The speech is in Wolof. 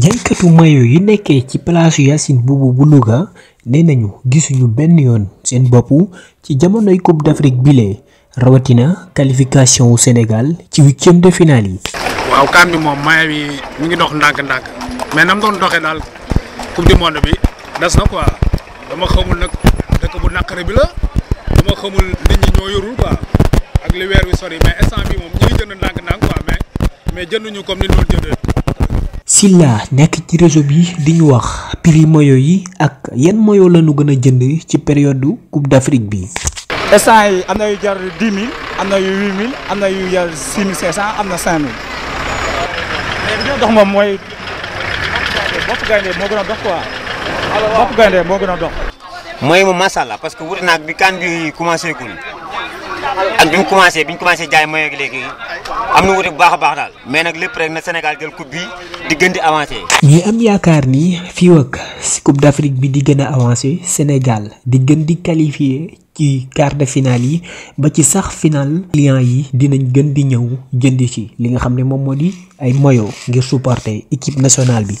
jaaykatu mayo yi nekkee ci palaasu Yacine Boubou bu Louga nee nañu gisuñu benn yoon seen bopp ci jamonoy Coupe d'Afrique bile rawatina qualification wu senegal ci huitième de finale yi. waaw kan bi moom mayo yi ñu ngi dox ndànk-ndànk mais nam doon doxee daal coupe du monde bi des na quoi dama xamul nag dëkk bu naqare bi la dama xamul nit ñi ñoo yorul quoi ak li weer wi sori mais instant moom ñu ngi jënd ndànk-ndànk quoi mais mais jënduñu comme ni ñu doon Silla nekk ci réseau bi di ñu wax prix mayo yi ak yan mayo lañu gën a jënd ci période coupe d'Afrique bi. instant yi am na yu jar dix mille am na yu am na yu jar six mille cinq cent am na cinq mille. mais moom mooy a dox quoi. bopp moo mu masala parce que wute naag bi kan bi commencé gul ak bi mu commencé bi ñu commencé jaay mayo gi léegi am na wute bu baax a baax daal mais nag lépp rek na Sénégal jël coupe bi. di gën di avancé. am yaakaar ni fii ak si Coupe d'Afrique bi di gën a avancé Sénégal di gën di qualifié ci quart de finale yi ba ci sax final clients yi dinañ gën di ñëw jënd ci li nga xam ne moom moo di ay maillot ngir supporter équipe nationale bi.